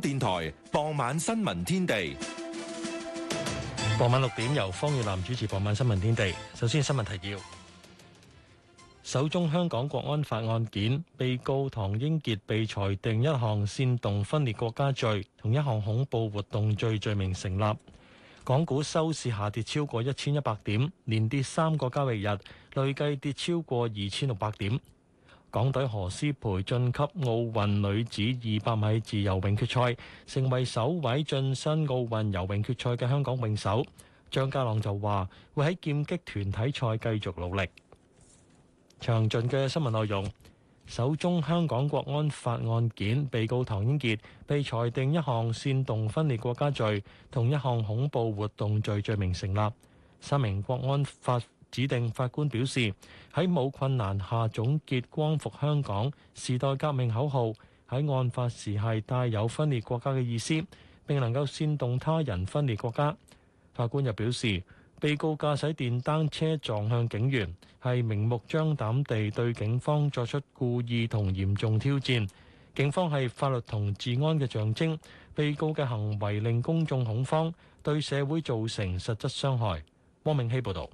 電台傍晚新聞天地，傍晚六點由方月南主持。傍晚新聞天，天地，首先新聞提要：首宗香港國安法案件，被告唐英傑被裁定一項煽動分裂國家罪，同一項恐怖活動罪罪名成立。港股收市下跌超過一千一百點，連跌三個交易日，累計跌超過二千六百點。港隊何詩蓓晉級奧運女子二百米自由泳決賽，成為首位晉身奧運游泳決賽嘅香港泳手。張家朗就話：會喺劍擊團體賽繼續努力。詳盡嘅新聞內容，首宗香港國安法案件，被告唐英傑被裁定一項煽動分裂國家罪同一項恐怖活動罪罪名成立，三名國安法指定法官表示，喺冇困難下總結光復香港時代革命口號，喺案發時係帶有分裂國家嘅意思，並能夠煽動他人分裂國家。法官又表示，被告駕駛電單車撞向警員，係明目張膽地對警方作出故意同嚴重挑戰。警方係法律同治安嘅象徵，被告嘅行為令公眾恐慌，對社會造成實質傷害。汪明熙報導。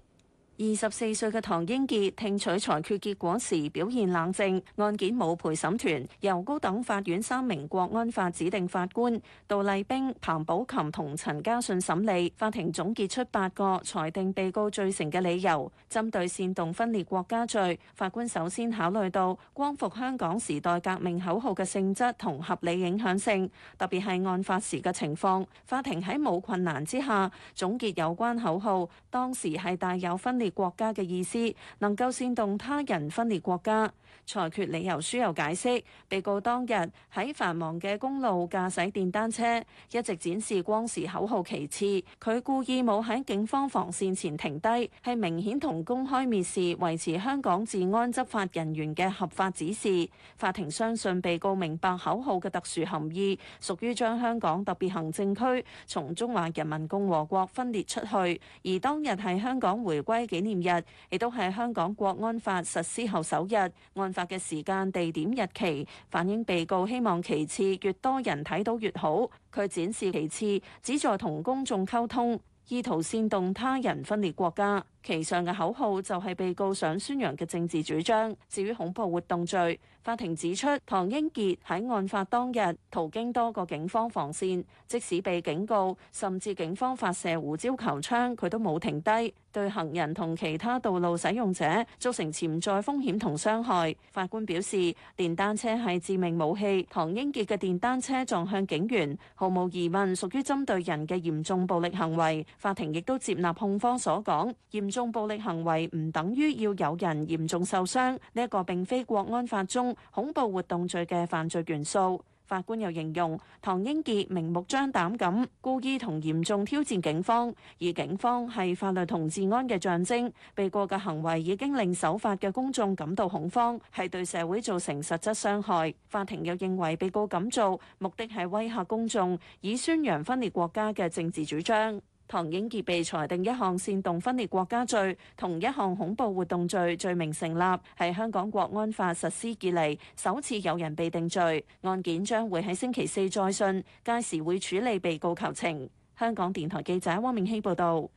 二十四歲嘅唐英傑聽取裁決結果時表現冷靜。案件冇陪審團，由高等法院三名國安法指定法官杜麗冰、彭寶琴同陳嘉信審理。法庭總結出八個裁定被告罪成嘅理由。針對煽動分裂國家罪，法官首先考慮到光復香港時代革命口號嘅性質同合理影響性，特別係案發時嘅情況。法庭喺冇困難之下總結有關口號當時係帶有分裂國家嘅意思，能夠煽動他人分裂國家。裁決理由書又解釋，被告當日喺繁忙嘅公路駕駛電單車，一直展示光時口號。其次，佢故意冇喺警方防線前停低，係明顯同公開蔑視維持香港治安執法人員嘅合法指示。法庭相信被告明白口號嘅特殊含義，屬於將香港特別行政區從中華人民共和國分裂出去。而當日係香港回歸嘅。紀念日亦都係香港國安法實施後首日，案發嘅時間、地點、日期反映被告希望旗幟越多人睇到越好。佢展示旗幟旨在同公眾溝通，意圖煽動他人分裂國家。旗上嘅口號就係被告想宣揚嘅政治主張。至於恐怖活動罪。法庭指出，唐英傑喺案發當日，途經多個警方防線，即使被警告，甚至警方發射胡椒球槍，佢都冇停低，對行人同其他道路使用者，造成潛在風險同傷害。法官表示，電單車係致命武器，唐英傑嘅電單車撞向警員，毫無疑問，屬於針對人嘅嚴重暴力行為。法庭亦都接納控方所講，嚴重暴力行為唔等於要有人嚴重受傷，呢一個並非國安法中，恐怖活動罪嘅犯罪元素，法官又形容唐英傑明目張膽咁故意同嚴重挑戰警方，而警方係法律同治安嘅象徵。被告嘅行為已經令守法嘅公眾感到恐慌，係對社會造成實質傷害。法庭又認為被告咁做目的係威嚇公眾，以宣揚分裂國家嘅政治主張。唐英傑被裁定一項煽動分裂國家罪，同一項恐怖活動罪罪名成立，係香港國安法實施以嚟，首次有人被定罪。案件將會喺星期四再訊，屆時會處理被告求情。香港電台記者汪明希報道。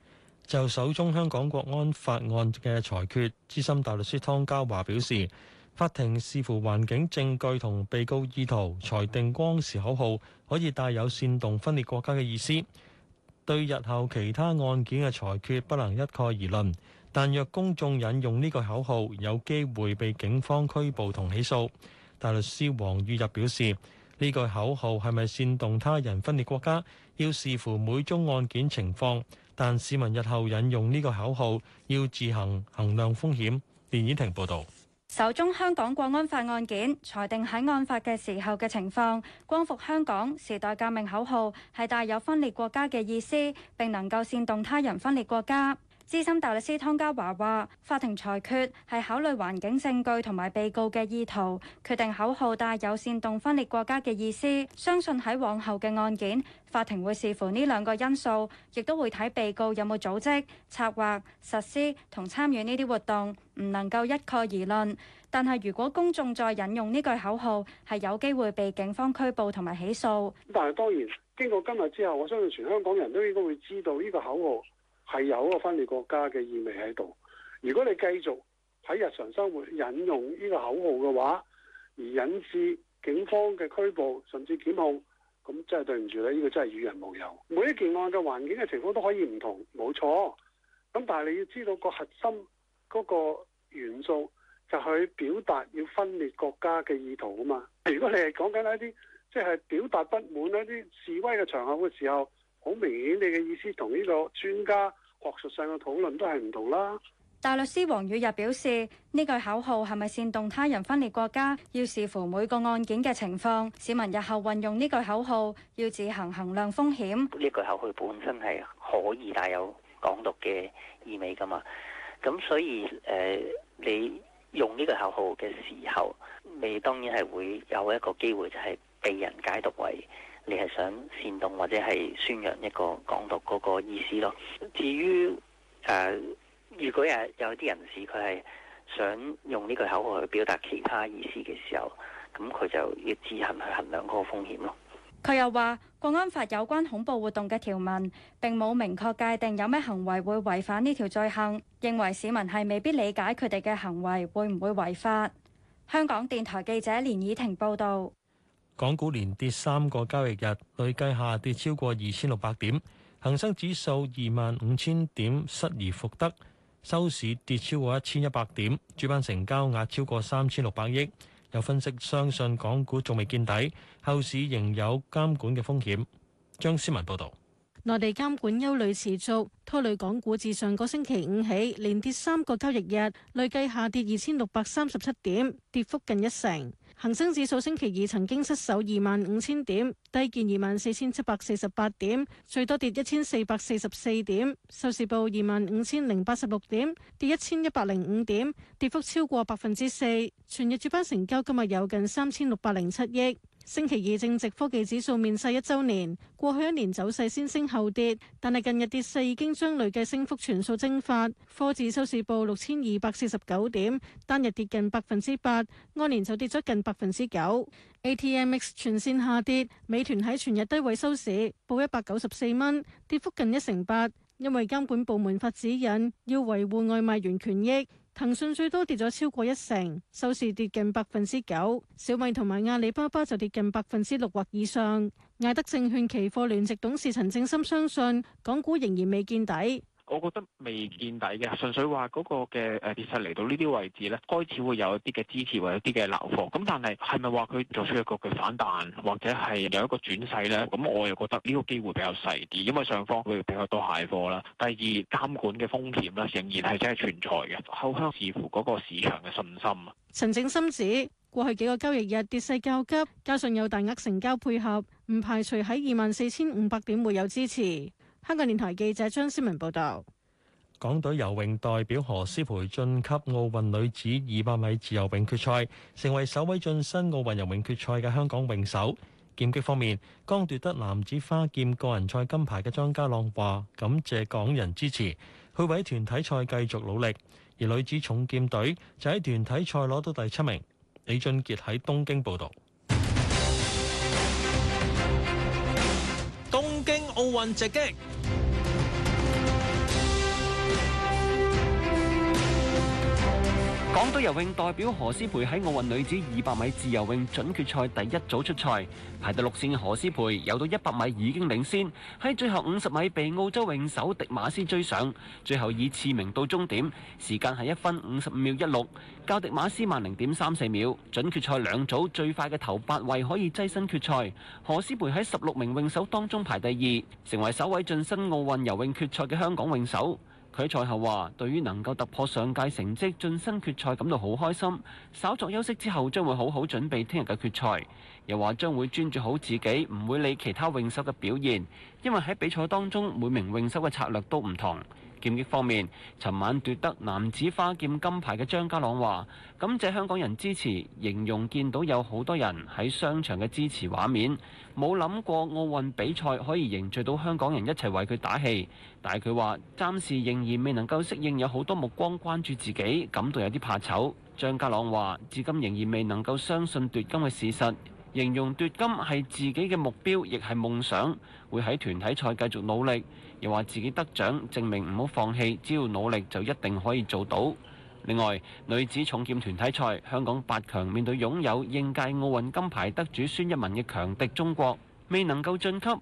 就首宗香港國安法案嘅裁決，資深大律師湯家驊表示，法庭視乎環境、證據同被告意圖，裁定光時口號可以帶有煽動分裂國家嘅意思。對日後其他案件嘅裁決不能一概而論，但若公眾引用呢個口號，有機會被警方拘捕同起訴。大律師黃宇日表示，呢句口號係咪煽動他人分裂國家，要視乎每宗案件情況，但市民日後引用呢個口號，要自行衡量風險。連綺婷報導。首宗香港國安法案件裁定喺案發嘅時候嘅情況，光復香港時代革命口號係帶有分裂國家嘅意思，並能夠煽動他人分裂國家。資深大律師湯家驊話，法庭裁決係考慮環境證據同埋被告嘅意圖，決定口號帶有煽動分裂國家嘅意思。相信喺往後嘅案件，法庭會視乎呢兩個因素，亦都會睇被告有冇組織、策劃、實施同參與呢啲活動，唔能夠一概而論。但係如果公眾再引用呢句口號，係有機會被警方拘捕同埋起訴。但係當然，經過今日之後，我相信全香港人都應該會知道呢個口號。係有個分裂國家嘅意味喺度。如果你繼續喺日常生活引用呢個口號嘅話，而引致警方嘅拘捕，甚至檢控，咁真係對唔住咧。呢個真係與人無尤。每一件案嘅環境嘅情況都可以唔同，冇錯。咁但係你要知道個核心嗰個元素就係表達要分裂國家嘅意圖啊嘛。如果你係講緊一啲即係表達不滿一啲示威嘅場合嘅時候，好明顯，你嘅意思同呢個專家學術上嘅討論都係唔同啦。大律師黃宇日表示：呢句口號係咪煽動他人分裂國家，要視乎每個案件嘅情況。市民日後運用呢句口號，要自行衡量風險。呢句口號本身係可以帶有港獨嘅意味噶嘛，咁所以誒、呃，你用呢句口號嘅時候，你當然係會有一個機會，就係被人解讀為。你係想煽動或者係宣揚一個港獨嗰個意思咯。至於誒，如果係有啲人士佢係想用呢句口號去表達其他意思嘅時候，咁佢就要自行去衡量嗰個風險咯。佢又話，國安法有關恐怖活動嘅條文並冇明確界定有咩行為會違反呢條罪行，認為市民係未必理解佢哋嘅行為會唔會違法。香港電台記者連以婷報導。港股連跌三個交易日，累計下跌超過二千六百點，恒生指數二萬五千點失而復得，收市跌超過一千一百點，主板成交額超過三千六百億。有分析相信港股仲未見底，後市仍有監管嘅風險。張思文報道，內地監管憂慮持續，拖累港股自上個星期五起連跌三個交易日，累計下跌二千六百三十七點，跌幅近一成。恒生指數星期二曾經失守二萬五千點，低見二萬四千七百四十八點，最多跌一千四百四十四點，收市報二萬五千零八十六點，跌一千一百零五點，跌幅超過百分之四。全日主板成交今日有近三千六百零七億。星期二正值科技指數面世一週年，過去一年走勢先升後跌，但係近日跌勢已經將累計升幅全數蒸發。科指收市報六千二百四十九點，單日跌近百分之八，按年就跌咗近百分之九。ATMX 全線下跌，美團喺全日低位收市，報一百九十四蚊，跌幅近一成八，因為監管部門發指引，要維護外賣員權益。騰訊最多跌咗超過一成，收市跌近百分之九；小米同埋阿里巴巴就跌近百分之六或以上。艾德證券期貨聯席董事陳正深相信，港股仍然未見底。我覺得未見底嘅，純粹話嗰個嘅誒跌勢嚟到呢啲位置咧，開始會有一啲嘅支持或者一啲嘅樓貨。咁但係係咪話佢做出一個嘅反彈，或者係有一個轉勢咧？咁我又覺得呢個機會比較細啲，因為上方會比較多蟹貨啦。第二監管嘅風險咧，仍然係真係存在嘅，後向視乎嗰個市場嘅信心。陳正深指過去幾個交易日跌勢較急，加上有大額成交配合，唔排除喺二萬四千五百點會有支持。香港電台記者張思明報道：港隊游泳代表何詩蓓晉級奧運女子二百米自由泳決賽，成為首位晉身奧運游泳決賽嘅香港泳手。劍擊方面，剛奪得男子花劍個人賽金牌嘅張家朗話：感謝港人支持，會喺團體賽繼續努力。而女子重劍隊就喺團體賽攞到第七名。李俊杰喺東京報道。東京奧運直擊。港隊游泳代表何詩蓓喺奧運女子二百米自由泳準決賽第一組出賽，排第六線嘅何詩蓓游到一百米已經領先，喺最後五十米被澳洲泳手迪馬斯追上，最後以次名到終點，時間係一分五十五秒一六，較迪馬斯慢零點三四秒。準決賽兩組最快嘅頭八位可以躋身決賽，何詩蓓喺十六名泳手當中排第二，成為首位晉身奧運游泳決賽嘅香港泳手。佢賽後話，對於能夠突破上屆成績晉身決賽感到好開心。稍作休息之後，將會好好準備聽日嘅決賽。又話將會專注好自己，唔會理其他泳手嘅表現，因為喺比賽當中每名泳手嘅策略都唔同。劍擊方面，尋晚奪得男子花劍金牌嘅張家朗話，感謝香港人支持，形容見到有好多人喺商場嘅支持畫面，冇諗過奧運比賽可以凝聚到香港人一齊為佢打氣。但係佢話，暫時仍然未能夠適應有好多目光關注自己，感到有啲怕醜。張家朗話，至今仍然未能夠相信奪金嘅事實。形容奪金係自己嘅目標，亦係夢想，會喺團體賽繼續努力。又話自己得獎證明唔好放棄，只要努力就一定可以做到。另外，女子重劍團體賽，香港八強面對擁有應屆奧運金牌得主孫一文嘅強敵中國，未能夠晉級。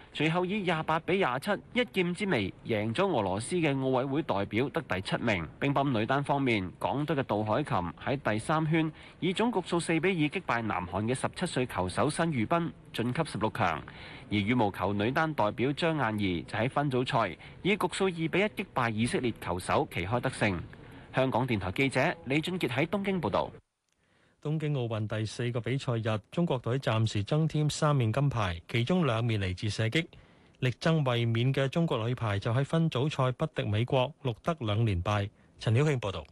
隨後以廿八比廿七一劍之微贏咗俄羅斯嘅奧委會代表，得第七名。乒乓女單方面，港隊嘅杜海琴喺第三圈以總局數四比二擊敗南韓嘅十七歲球手申裕斌晉級十六強。而羽毛球女單代表張雁兒就喺分組賽以局數二比一擊敗以色列球手，旗開得勝。香港電台記者李俊杰喺東京報道。東京奧運第四個比賽日，中國隊暫時增添三面金牌，其中兩面嚟自射擊。力爭衛冕嘅中國女排就喺分組賽不敵美國，錄得兩連敗。陳曉慶報道。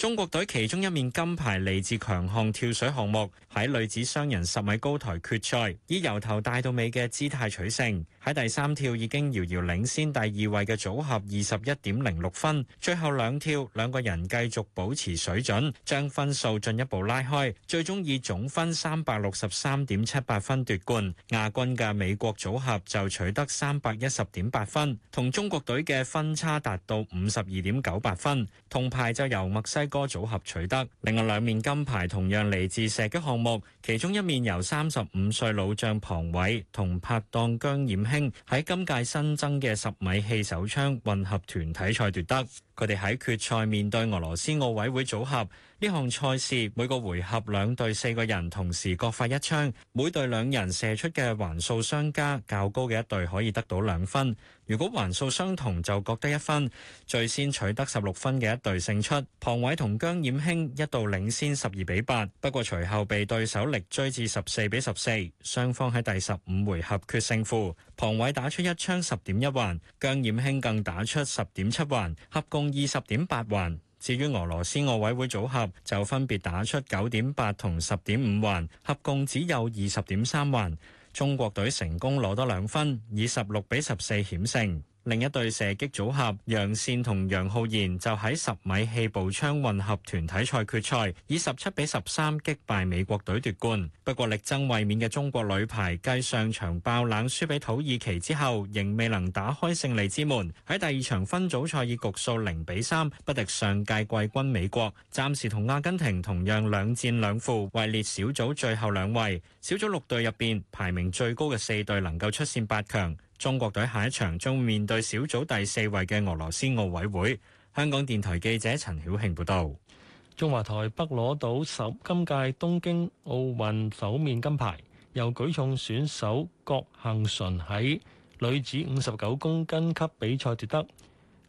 中國隊其中一面金牌嚟自強項跳水項目，喺女子雙人十米高台決賽，以由頭帶到尾嘅姿態取勝，喺第三跳已經遙遙領先第二位嘅組合二十一點零六分，最後兩跳兩個人繼續保持水準，將分數進一步拉開，最終以總分三百六十三點七八分奪冠。亞軍嘅美國組合就取得三百一十點八分，同中國隊嘅分差達到五十二點九八分。銅牌就由墨西哥。該組合取得另外兩面金牌，同樣嚟自射擊項目，其中一面由三十五歲老將龐偉同拍檔姜冉馨喺今屆新增嘅十米氣手槍混合團體賽奪得。佢哋喺決賽面對俄羅斯奧委會組合。呢項賽事每個回合兩隊四個人同時各發一槍，每隊兩人射出嘅環數相加較高嘅一隊可以得到兩分，如果環數相同就各得一分。最先取得十六分嘅一隊勝出。龐偉同姜冉馨一度領先十二比八，不過隨後被對手力追至十四比十四，雙方喺第十五回合決勝負。龐偉打出一槍十點一環，姜冉馨更打出十點七環，合共二十點八環。至於俄羅斯奧委會組合，就分別打出九點八同十點五環，合共只有二十點三環。中國隊成功攞得兩分，以十六比十四險勝。另一對射擊組合楊善同楊浩然就喺十米氣步槍混合團體賽決賽，以十七比十三擊敗美國隊奪冠。不過，力爭衛冕嘅中國女排繼上場爆冷輸俾土耳其之後，仍未能打開勝利之門。喺第二場分組賽，以局數零比三不敵上屆季軍美國，暫時同阿根廷同樣兩戰兩負，位列小組最後兩位。小組六隊入面，排名最高嘅四隊能夠出線八強。中國隊下一場將面對小組第四位嘅俄羅斯奧委會。香港電台記者陳曉慶報道：中華台北攞到十今屆東京奧運首面金牌，由舉重選手郭婞淳喺女子五十九公斤級比賽奪得。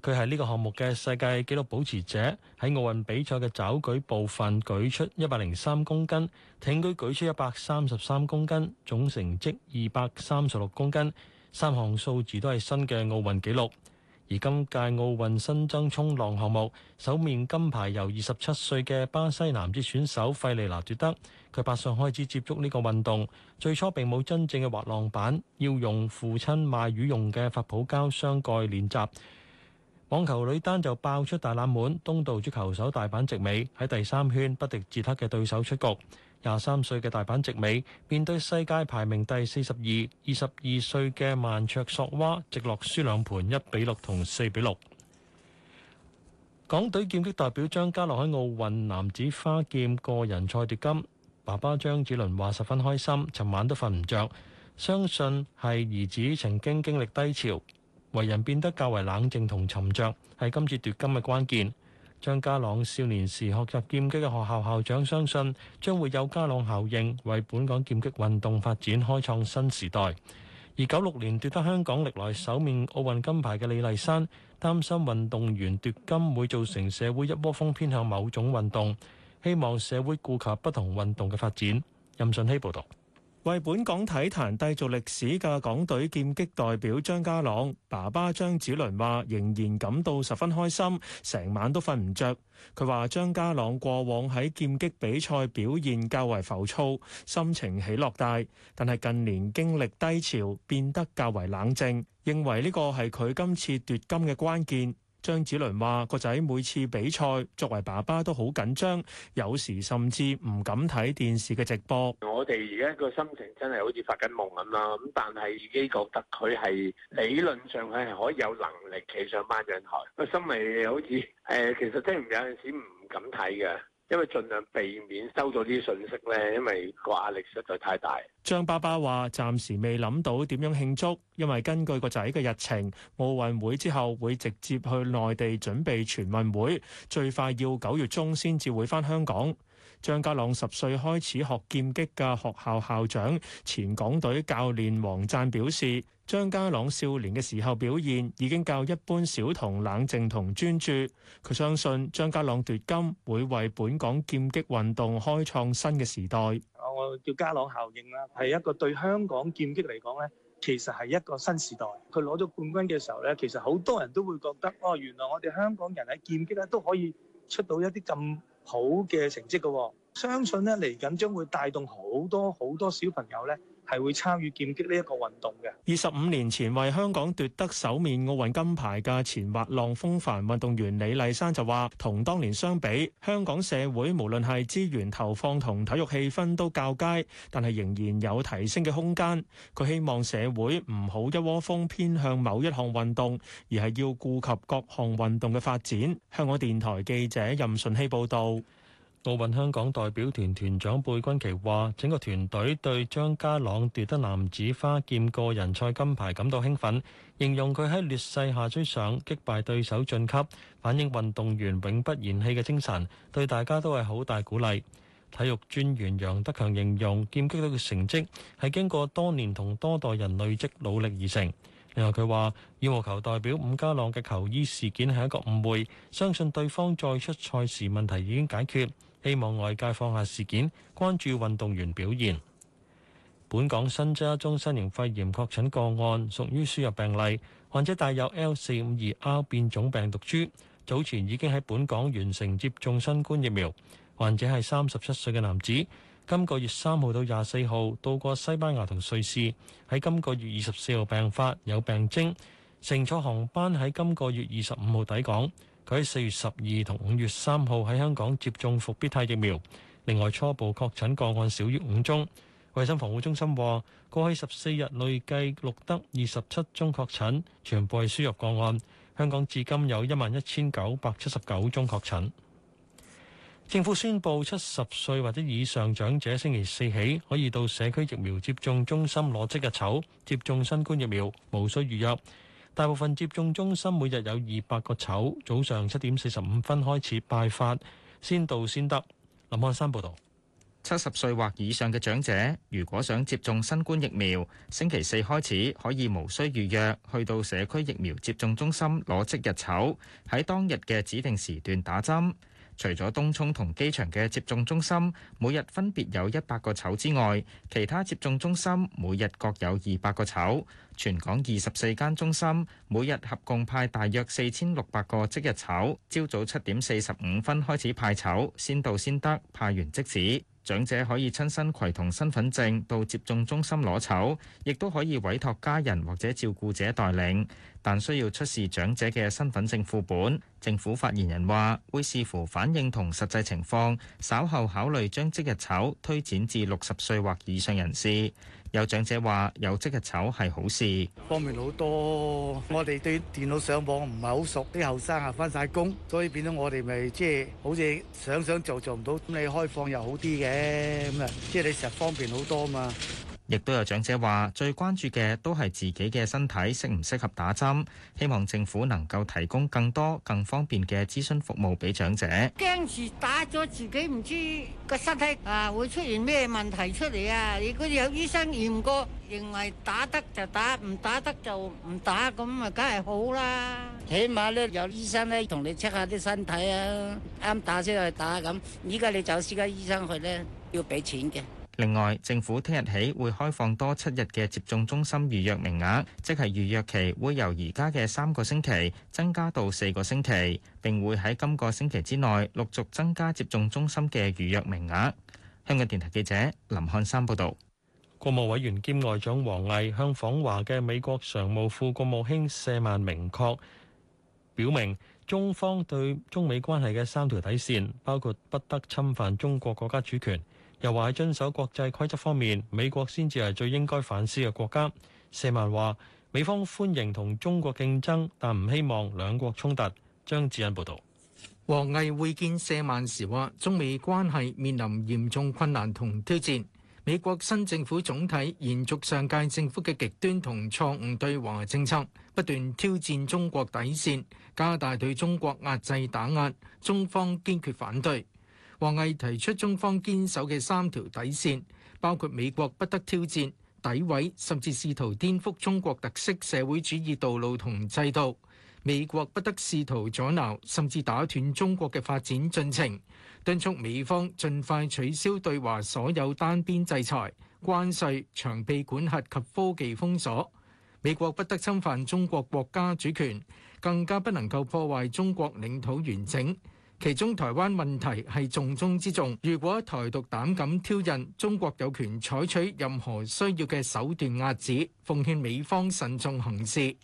佢係呢個項目嘅世界紀錄保持者，喺奧運比賽嘅抓舉部分舉出一百零三公斤，挺舉舉出一百三十三公斤，總成績二百三十六公斤。三項數字都係新嘅奧運紀錄，而今屆奧運新增衝浪項目，首面金牌由二十七歲嘅巴西男子選手費利拿奪得。佢八歲開始接觸呢個運動，最初並冇真正嘅滑浪板，要用父親賣魚用嘅發泡膠箱蓋練習。網球女單就爆出大冷門，東道主球手大阪直美喺第三圈不敵捷克嘅對手出局。廿三歲嘅大阪直美面對世界排名第四十二、二十二歲嘅曼卓索娃，直落輸兩盤，一比六同四比六。港隊劍擊代表張家朗喺奧運男子花劍個人賽奪金，爸爸張子麟話十分開心，尋晚都瞓唔着，相信係兒子曾經經歷低潮，為人變得較為冷靜同沉着，係今次奪金嘅關鍵。張家朗少年時學習劍擊嘅學校，校校長相信，將會有家朗效應，為本港劍擊運動發展開創新時代。而九六年奪得香港歷來首面奧運金牌嘅李麗珊，擔心運動員奪金會造成社會一窩蜂偏向某種運動，希望社會顧及不同運動嘅發展。任順希報道。為本港體壇締造歷史嘅港隊劍擊代表張家朗，爸爸張子倫話仍然感到十分開心，成晚都瞓唔着。佢話張家朗過往喺劍擊比賽表現較為浮躁，心情起落大，但係近年經歷低潮，變得較為冷靜，認為呢個係佢今次奪金嘅關鍵。張子倫話：個仔每次比賽，作為爸爸都好緊張，有時甚至唔敢睇電視嘅直播。我哋而家個心情真係好似發緊夢咁啦，咁但係已經覺得佢係理論上佢係可以有能力企上頒獎台。個心裏好似誒，其實真有陣時唔敢睇嘅。因為盡量避免收到啲信息咧，因為個壓力實在太大。張爸爸話：暫時未諗到點樣慶祝，因為根據個仔嘅日程，奧運會之後會直接去內地準備全運會，最快要九月中先至會返香港。張家朗十歲開始學劍擊嘅學校校長、前港隊教練王贊表示，張家朗少年嘅時候表現已經較一般小童冷靜同專注。佢相信張家朗奪金會為本港劍擊運動開創新嘅時代。我叫家朗效應啦，係一個對香港劍擊嚟講咧，其實係一個新時代。佢攞咗冠軍嘅時候咧，其實好多人都會覺得哦，原來我哋香港人喺劍擊咧都可以出到一啲咁好嘅成績嘅喎，相信咧嚟緊將會帶動好多好多小朋友咧。係會參與劍擊呢一個運動嘅。二十五年前為香港奪得首面奧運金牌嘅前滑浪風帆運動員李麗珊就話：同當年相比，香港社會無論係資源投放同體育氣氛都較佳，但係仍然有提升嘅空間。佢希望社會唔好一窩蜂偏向某一項運動，而係要顧及各項運動嘅發展。香港電台記者任順希報導。奧運香港代表團團長貝鈞奇話：整個團隊對張家朗奪得男子花劍個人賽金牌感到興奮，形容佢喺劣勢下追上擊敗對手晉級，反映運動員永不言棄嘅精神，對大家都係好大鼓勵。體育專員楊德強形容劍擊隊嘅成績係經過多年同多代人累積努力而成。另外佢話：羽毛球代表伍家朗嘅球衣事件係一個誤會，相信對方再出賽時問題已經解決。希望外界放下事件，關注運動員表現。本港新增一宗新型肺炎確診個案，屬於輸入病例，患者帶有 L 四五二 R 變種病毒株，早前已經喺本港完成接種新冠疫苗。患者係三十七歲嘅男子，今個月三號到廿四號到過西班牙同瑞士，喺今個月二十四號病發，有病徵，乘坐航班喺今個月二十五號抵港。佢喺四月十二同五月三號喺香港接種復必泰疫苗。另外初步確診個案少於五宗。衞生防護中心話，過去十四日累計錄得二十七宗確診，全部係輸入個案。香港至今有一萬一千九百七十九宗確診。政府宣布，七十歲或者以上長者星期四起可以到社區疫苗接種中心攞即日籌接種新冠疫苗，無需預約。大部分接種中心每日有二百個籌，早上七點四十五分開始派發，先到先得。林漢山報導，七十歲或以上嘅長者，如果想接種新冠疫苗，星期四開始可以無需預約，去到社區疫苗接種中心攞即日籌，喺當日嘅指定時段打針。除咗東涌同機場嘅接種中心，每日分別有一百個籌之外，其他接種中心每日各有二百個籌。全港二十四間中心每日合共派大約四千六百個即日籌。朝早七點四十五分開始派籌，先到先得，派完即止。長者可以親身攜同身份證到接種中心攞籌，亦都可以委託家人或者照顧者代領，但需要出示長者嘅身份證副本。政府發言人話，會視乎反應同實際情況，稍後考慮將即日籌推展至六十歲或以上人士。有長者話：有即日籌係好事，方便好多。我哋對電腦上網唔係好熟，啲後生啊返晒工，所以變咗我哋咪即係好似想想做做唔到，咁你開放又好啲嘅咁啊，即係、就是、你成日方便好多嘛。亦都有長者話：最關注嘅都係自己嘅身體適唔適合打針，希望政府能夠提供更多、更方便嘅諮詢服務俾長者。驚住打咗自己唔知個身體啊會出現咩問題出嚟啊！如果有醫生驗過，認為打得就打，唔打得就唔打，咁啊梗係好啦。起碼咧有醫生咧同你 check 下啲身體啊，啱打先去打咁。依家你走私家醫生去咧要俾錢嘅。另外，政府聽日起會開放多七日嘅接種中心預約名額，即係預約期會由而家嘅三個星期增加到四個星期，並會喺今個星期之內陸續增加接種中心嘅預約名額。香港電台記者林漢山報道。國務委員兼外長王毅向訪華嘅美國常務副國務卿舍曼明確表明，中方對中美關係嘅三條底線，包括不得侵犯中國國家主權。又話喺遵守國際規則方面，美國先至係最應該反思嘅國家。謝曼話：美方歡迎同中國競爭，但唔希望兩國衝突。張志恩報導。王毅會見謝曼時話：中美關係面臨嚴重困難同挑戰，美國新政府總體延續上屆政府嘅極端同錯誤對華政策，不斷挑戰中國底線，加大對中國壓制打壓，中方堅決反對。王毅提出中方堅守嘅三條底線，包括美國不得挑戰詆毀甚至試圖顛覆中國特色社會主義道路同制度；美國不得試圖阻撓甚至打斷中國嘅發展進程；敦促美方盡快取消對華所有單邊制裁、關稅、長臂管轄及科技封鎖，美國不得侵犯中國國家主權，更加不能夠破壞中國領土完整。其中台灣問題係重中之重，如果台獨膽敢挑釁，中國有權採取任何需要嘅手段壓制。奉勸美方慎重行事。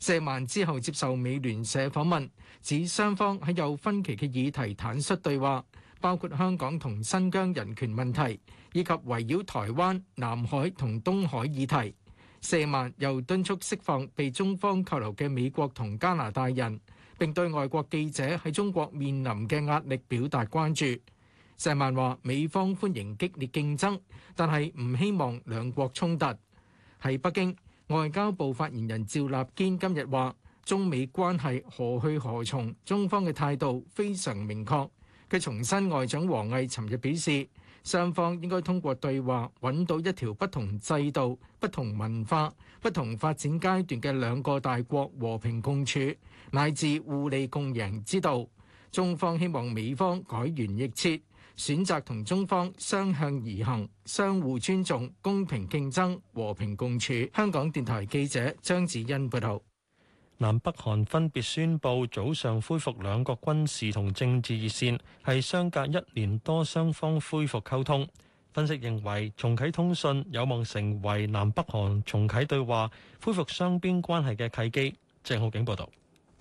舍曼之後接受美聯社訪問，指雙方喺有分歧嘅議題坦率對話，包括香港同新疆人權問題，以及圍繞台灣、南海同東海議題。舍曼又敦促釋放被中方扣留嘅美國同加拿大人。並對外國記者喺中國面臨嘅壓力表達關注。石曼話：美方歡迎激烈競爭，但係唔希望兩國衝突。喺北京，外交部發言人趙立堅今日話：中美關係何去何從？中方嘅態度非常明確。佢重申外長王毅尋日表示，雙方應該通過對話揾到一條不同制度、不同文化、不同發展階段嘅兩個大國和平共處乃至互利共贏之道。中方希望美方改弦易轍，選擇同中方相向而行，相互尊重、公平競爭、和平共處。香港電台記者張子欣報道。南北韓分別宣布早上恢復兩國軍事同政治熱線，係相隔一年多雙方恢復溝通。分析認為，重啟通訊有望成為南北韓重啟對話、恢復雙邊關係嘅契機，鄭浩景報道。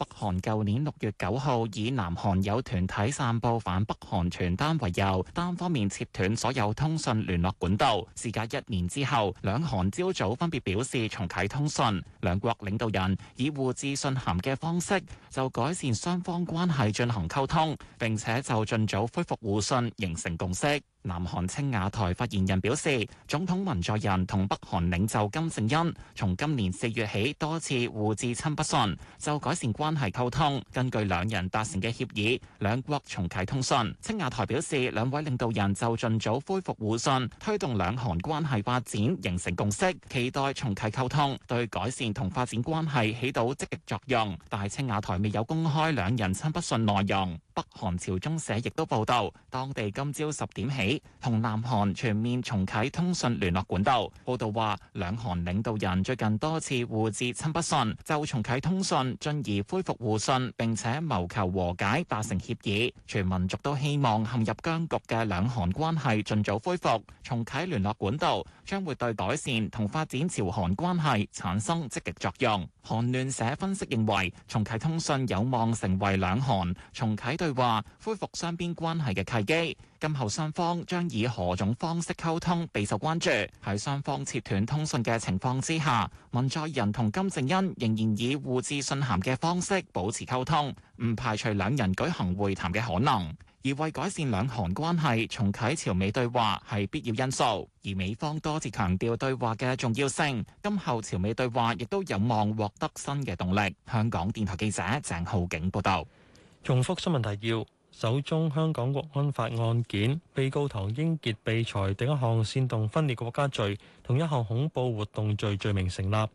北韓舊年六月九號以南韓有團體散佈反北韓傳單為由，單方面切斷所有通訊聯絡管道。事隔一年之後，兩韓朝早分別表示重啟通訊。兩國領導人以互致信函嘅方式就改善雙方關係進行溝通，並且就盡早恢復互信形成共識。南韓青瓦台發言人表示，總統文在寅同北韓領袖金正恩從今年四月起多次互致親筆信，就改善關係溝通。根據兩人達成嘅協議，兩國重啟通訊。青瓦台表示，兩位領導人就盡早恢復互信，推動兩韓關係發展，形成共識，期待重啟溝通對改善同發展關係起到積極作用。但係青瓦台未有公開兩人親筆信內容。韓朝中社亦都報道，當地今朝十點起同南韓全面重啟通訊聯絡管道。報道話，兩韓領導人最近多次互致親筆信，就重啟通訊，進而恢復互信，並且謀求和解達成協議。全民族都希望陷入僵局嘅兩韓關係盡早恢復，重啟聯絡管道將會對改善同發展朝韓關係產生積極作用。韓聯社分析認為，重啟通訊有望成為兩韓重啟對話、恢復雙邊關係嘅契機。今後雙方將以何種方式溝通備受關注。喺雙方切斷通訊嘅情況之下，文在寅同金正恩仍然以互致信函嘅方式保持溝通，唔排除兩人舉行會談嘅可能。而為改善兩韓關係，重啟朝美對話係必要因素。而美方多次強調對話嘅重要性，今後朝美對話亦都有望獲得新嘅動力。香港電台記者鄭浩景報道：「重複新聞提要：首宗香港國安法案件被告唐英傑被裁定一項煽動分裂國家罪同一項恐怖活動罪罪名成立。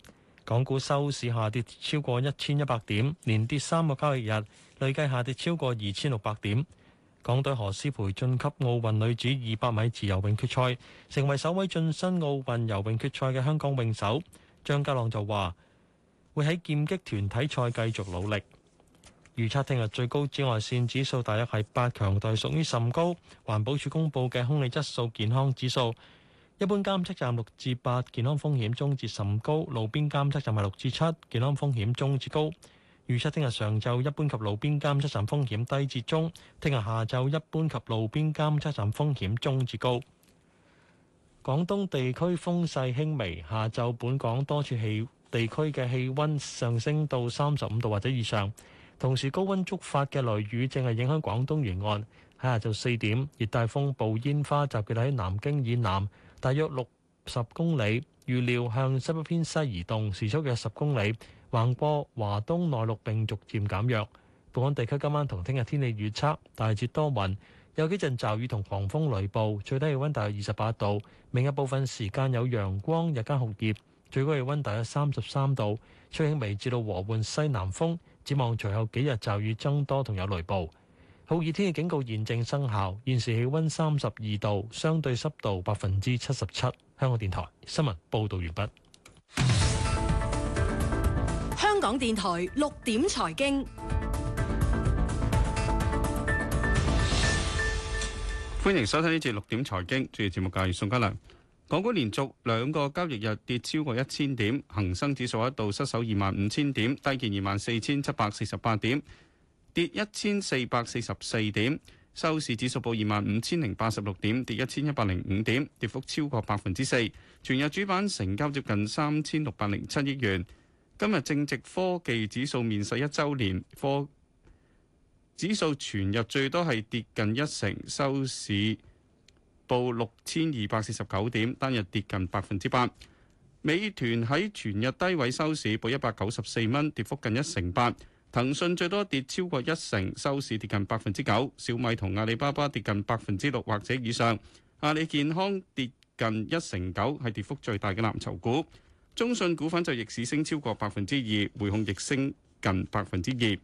港股收市下跌超過一千一百點，連跌三個交易日，累計下跌超過二千六百點。港隊何詩蓓晉級奧運女子二百米自由泳決賽，成為首位晉身奧運游泳決賽嘅香港泳手。張家朗就話，會喺劍擊團體賽繼續努力。預測聽日最高紫外線指數大約係八，強度屬於甚高。環保署公布嘅空氣質素健康指數，一般監測站六至八，健康風險中至甚高；路邊監測站係六至七，健康風險中至高。預測聽日上晝一般及路邊監測站風險低至中，聽日下晝一般及路邊監測站風險中至高。廣東地區風勢輕微，下晝本港多處氣地區嘅氣温上升到三十五度或者以上，同時高温觸發嘅雷雨正係影響廣東沿岸。喺下晝四點，熱帶風暴煙花集結喺南京以南大約六十公里，預料向西北偏西移動，時速約十公里。橫波，華東內陸，並逐漸減弱。本港地區今晚同聽日天氣預測，大致多雲，有幾陣驟雨同狂風雷暴，最低氣溫大約二十八度。明日部分時間有陽光，日間酷熱，最高氣溫大約三十三度，吹輕微至到和緩西南風。展望隨後幾日驟雨增多同有雷暴，酷熱天氣警告現正生效。現時氣溫三十二度，相對濕度百分之七十七。香港電台新聞報道完畢。香港電台六點財經，歡迎收聽呢節六點財經，主持節目嘅係宋家良。港股連續兩個交易日跌超過一千點，恒生指數一度失守二萬五千點，低見二萬四千七百四十八點，跌一千四百四十四點，收市指數報二萬五千零八十六點，跌一千一百零五點，跌幅超過百分之四。全日主板成交接近三千六百零七億元。今日正值科技指數面世一週年，科指數全日最多係跌近一成，收市報六千二百四十九點，單日跌近百分之八。美團喺全日低位收市報一百九十四蚊，跌幅近一成八。騰訊最多跌超過一成，收市跌近百分之九。小米同阿里巴巴跌近百分之六或者以上。阿里健康跌近一成九，係跌幅最大嘅藍籌股。中信股份就逆市升超過百分之二，匯控逆升近百分之二。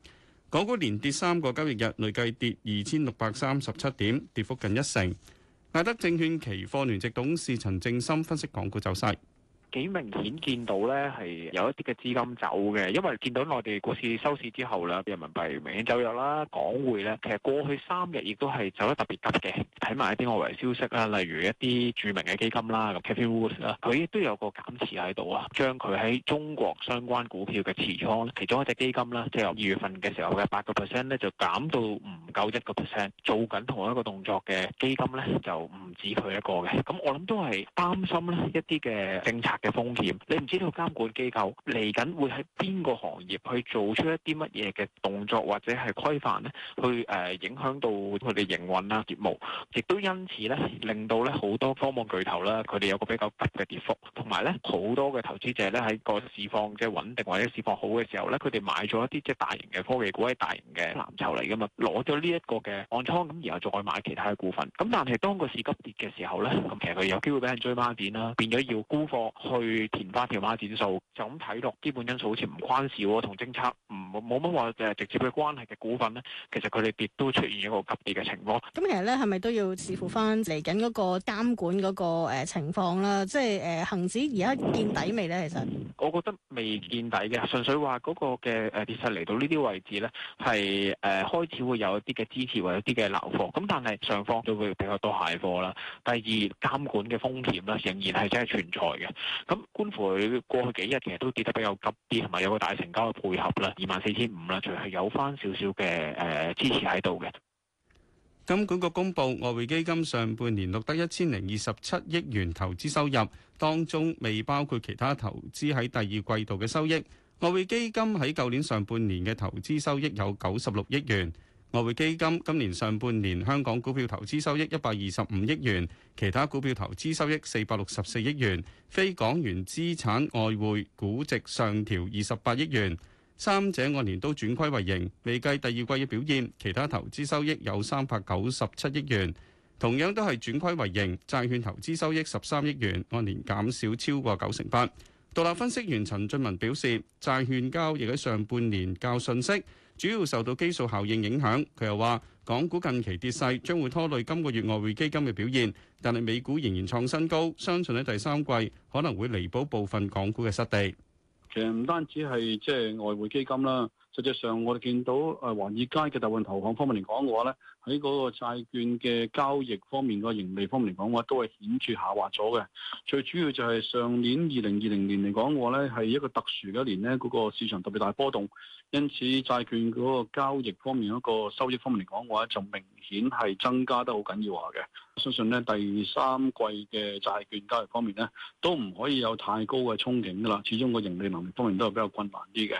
港股連跌三個交易日，累計跌二千六百三十七點，跌幅近一成。艾德證券期貨聯席董事陳正森分析港股走勢。幾明顯見到咧，係有一啲嘅資金走嘅，因為見到內地股市收市之後咧，人民幣明顯走弱啦，港匯咧，其實過去三日亦都係走得特別急嘅。睇埋一啲外圍消息啦，例如一啲著名嘅基金啦，咁 Cathie Wood 啦，佢亦都有個減持喺度啊，將佢喺中國相關股票嘅持倉，其中一隻基金啦，即係由二月份嘅時候嘅八個 percent 咧，就減到唔夠一個 percent。做緊同一個動作嘅基金咧，就唔止佢一個嘅。咁我諗都係擔心咧，一啲嘅政策嘅風險，你唔知道監管機構嚟緊會喺邊個行業去做出一啲乜嘢嘅動作或者係規範咧，去、呃、誒影響到佢哋營運啦、業務，亦都因此咧令到咧好多科網巨頭啦，佢哋有個比較急嘅跌幅，同埋咧好多嘅投資者咧喺個市況即係穩定或者市況好嘅時候咧，佢哋買咗一啲即係大型嘅科技股，係大型嘅藍籌嚟㗎嘛，攞咗呢一個嘅按倉咁，然後再買其他嘅股份，咁但係當個市急跌嘅時候咧，咁其實佢有機會俾人追孖展啦，變咗要沽貨。去填翻條碼指數，就咁睇落基本因素好似唔關事喎，同政策唔冇乜話直接嘅關係嘅股份呢，其實佢哋亦都出現一個急跌嘅情況。咁其實咧，係咪都要視乎翻嚟緊嗰個監管嗰個情況啦？即係誒恆指而家見底未呢？其實我覺得未見底嘅，純粹話嗰個嘅誒跌勢嚟到呢啲位置呢，係誒開始會有一啲嘅支持或者一啲嘅流貨，咁但係上方就會比較多蟹貨啦。第二監管嘅風險呢，仍然係真係存在嘅。咁觀乎佢過去幾日其實都跌得比較急啲，同埋有個大成交嘅配合啦，二萬四千五啦，仲係有返少少嘅誒支持喺度嘅。金管局公布外匯基金上半年錄得一千零二十七億元投資收入，當中未包括其他投資喺第二季度嘅收益。外匯基金喺舊年上半年嘅投資收益有九十六億元。外匯基金今年上半年香港股票投資收益一百二十五億元，其他股票投資收益四百六十四億元，非港元資產外匯估值上調二十八億元，三者按年都轉虧為盈。未計第二季嘅表現，其他投資收益有三百九十七億元，同樣都係轉虧為盈。債券投資收益十三億元，按年減少超過九成八。獨立分析員陳俊文表示，債券交易喺上半年較遜色。主要受到基數效應影響，佢又話：港股近期跌勢將會拖累今個月外匯基金嘅表現，但係美股仍然創新高，相信喺第三季可能會彌補部分港股嘅失地。其實唔單止係即係外匯基金啦，實際上我哋見到誒華爾街嘅大運投行方面嚟講嘅話咧。喺嗰個債券嘅交易方面，個盈利方面嚟講，嘅話都係顯著下滑咗嘅。最主要就係上年二零二零年嚟講，嘅話咧係一個特殊嘅一年咧，嗰個市場特別大波動，因此債券嗰個交易方面，一個收益方面嚟講嘅話，就明顯係增加得好緊要話嘅。相信咧第三季嘅債券交易方面咧，都唔可以有太高嘅憧憬噶啦。始終個盈利能力方面都係比較困難啲嘅。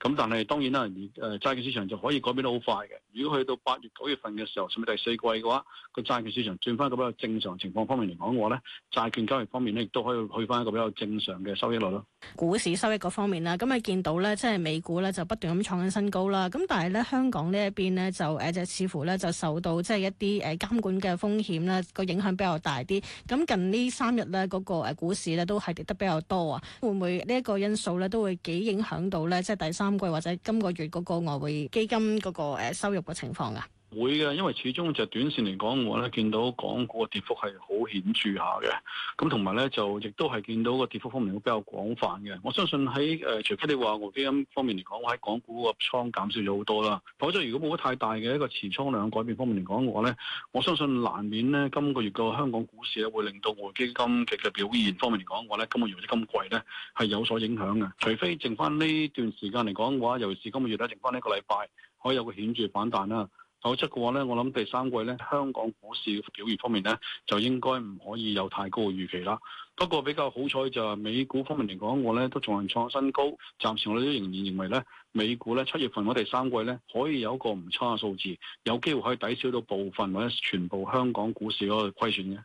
咁但係當然啦，誒債券市場就可以改變得好快嘅。如果去到八月九月份嘅時候，甚至第四季嘅話，個債券市場轉翻一個比較正常情況方面嚟講嘅話咧，債券交易方面咧亦都可以去翻一個比較正常嘅收益率咯。股市收益嗰方面啦，咁啊見到咧，即係美股咧就不斷咁創緊新高啦。咁但係咧香港呢一邊咧就誒，就似乎咧就受到即係一啲誒監管嘅風險。啊，個影響比較大啲。咁近呢三日咧，嗰個誒股市咧都係跌得比較多啊。會唔會呢一個因素咧，都會幾影響到咧，即係第三季或者今個月嗰個外匯基金嗰個誒收入嘅情況啊？會嘅，因為始終就係短線嚟講，我咧見到港股嘅跌幅係好顯著下嘅。咁同埋咧，就亦都係見到個跌幅方面會比較廣泛嘅。我相信喺誒、呃，除非你話活基金方面嚟講，我喺港股個倉減少咗好多啦。否則如果冇太大嘅一個持倉量改變方面嚟講嘅話咧，我相信難免咧今個月個香港股市咧會令到活基金嘅表現方面嚟講嘅話咧，今個月或者今季咧係有所影響嘅。除非剩翻呢段時間嚟講嘅話，尤其是今個月咧剩翻呢個禮拜，可以有個顯著反彈啦。否則嘅話咧，我諗第三季咧，香港股市表現方面咧，就應該唔可以有太高嘅預期啦。不過比較好彩就係美股方面嚟講，我咧都仲係創新高。暫時我哋都仍然認為咧，美股咧七月份我哋第三季咧可以有一個唔差嘅數字，有機會可以抵消到部分或者全部香港股市嗰個虧損嘅。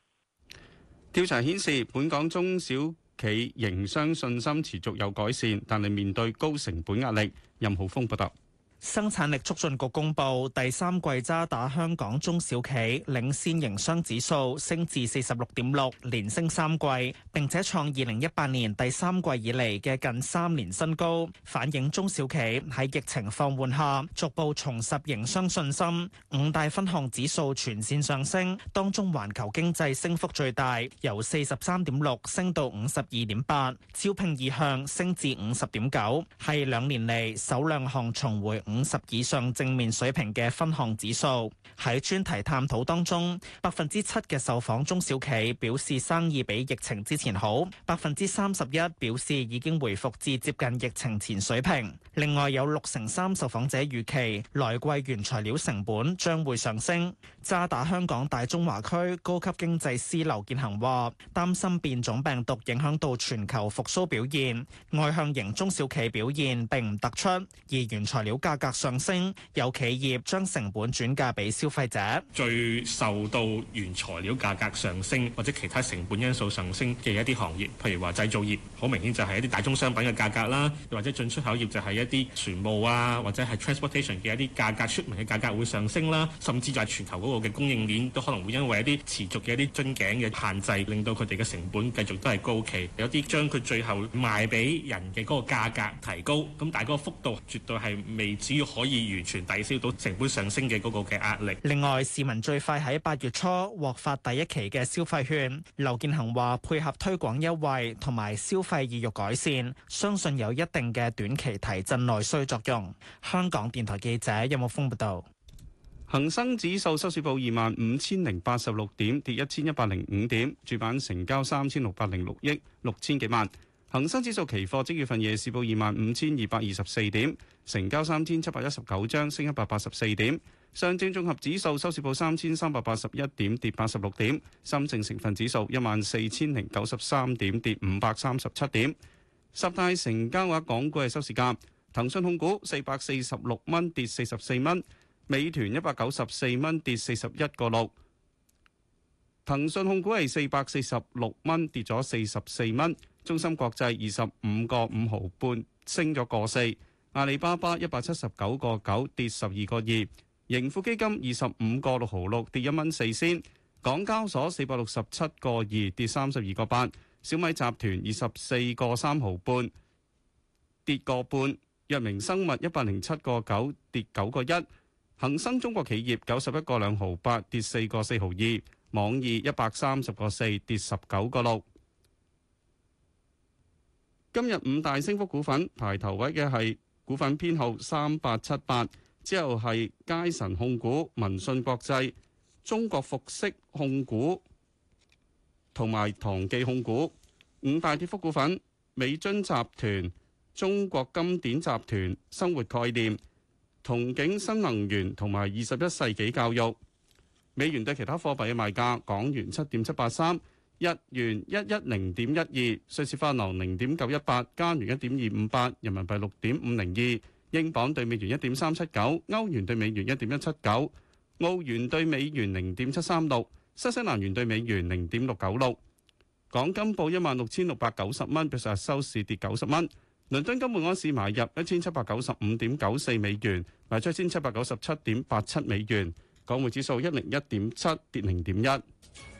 調查顯示，本港中小企營商信心持續有改善，但係面對高成本壓力。任浩峰報道。生產力促進局公布第三季渣打香港中小企領先營商指數升至四十六點六，連升三季，並且創二零一八年第三季以嚟嘅近三年新高，反映中小企喺疫情放緩下逐步重拾營商信心。五大分項指數全線上升，當中環球經濟升幅最大，由四十三點六升到五十二點八，招聘意向升至五十點九，係兩年嚟首兩項重回五十以上正面水平嘅分項指數。喺專題探討當中，百分之七嘅受訪中小企表示生意比疫情之前好，百分之三十一表示已經回復至接近疫情前水平。另外有六成三受訪者預期來季原材料成本將會上升。渣打香港大中華區高級經濟師劉建恆話，擔心變種病毒影響到全球復蘇表現，外向型中小企表現並唔突出，而原材料價格。上升，有企業將成本轉嫁俾消費者。最受到原材料價格上升或者其他成本因素上升嘅一啲行業，譬如話製造業，好明顯就係一啲大宗商品嘅價格啦，或者進出口業就係一啲船務啊，或者係 transportation 嘅一啲價格出名嘅價格會上升啦。甚至就係全球嗰個嘅供應鏈都可能會因為一啲持續嘅一啲樽頸嘅限制，令到佢哋嘅成本繼續都係高企。有啲將佢最後賣俾人嘅嗰個價格提高，咁但係嗰個幅度絕對係未。只要可以完全抵消到成本上升嘅嗰個嘅壓力。另外，市民最快喺八月初獲發第一期嘅消費券。劉建恒話：配合推廣優惠同埋消費意欲改善，相信有一定嘅短期提振內需作用。香港電台記者任木峰報道。恒生指數收市報二萬五千零八十六點，跌一千一百零五點。主板成交三千六百零六億六千幾萬。恒生指數期貨即月份夜市報二萬五千二百二十四點，成交三千七百一十九張，升一百八十四點。上證綜合指數收市報三千三百八十一點，跌八十六點。深證成分指數一萬四千零九十三點，跌五百三十七點。十大成交額港股係收市價，騰訊控股四百四十六蚊，跌四十四蚊。美團一百九十四蚊，跌四十一個六。騰訊控股係四百四十六蚊，跌咗四十四蚊。中芯國際二十五個五毫半升咗個四，阿里巴巴一百七十九個九跌十二個二，盈富基金二十五個六毫六跌一蚊四先，港交所四百六十七個二跌三十二個八，小米集團二十四個三毫半跌個半，藥明生物一百零七個九跌九個一，恒生中國企業九十一個兩毫八跌四個四毫二，網易一百三十個四跌十九個六。今日五大升幅股份，排頭位嘅係股份編號三八七八，之後係佳神控股、民信國際、中國服飾控股同埋唐記控股。五大跌幅股份：美津集團、中國金典集團、生活概念、同景新能源同埋二十一世紀教育。美元對其他貨幣嘅賣價：港元七點七八三。日元一一零點一二，瑞士法郎零點九一八，加元一點二五八，人民幣六點五零二，英鎊對美元一點三七九，歐元對美元一點一七九，澳元對美元零點七三六，新西蘭元對美元零點六九六。港金報一萬六千六百九十蚊，比上日收市跌九十蚊。倫敦金每安士買入一千七百九十五點九四美元，賣出一千七百九十七點八七美元。港匯指數一零一點七，跌零點一。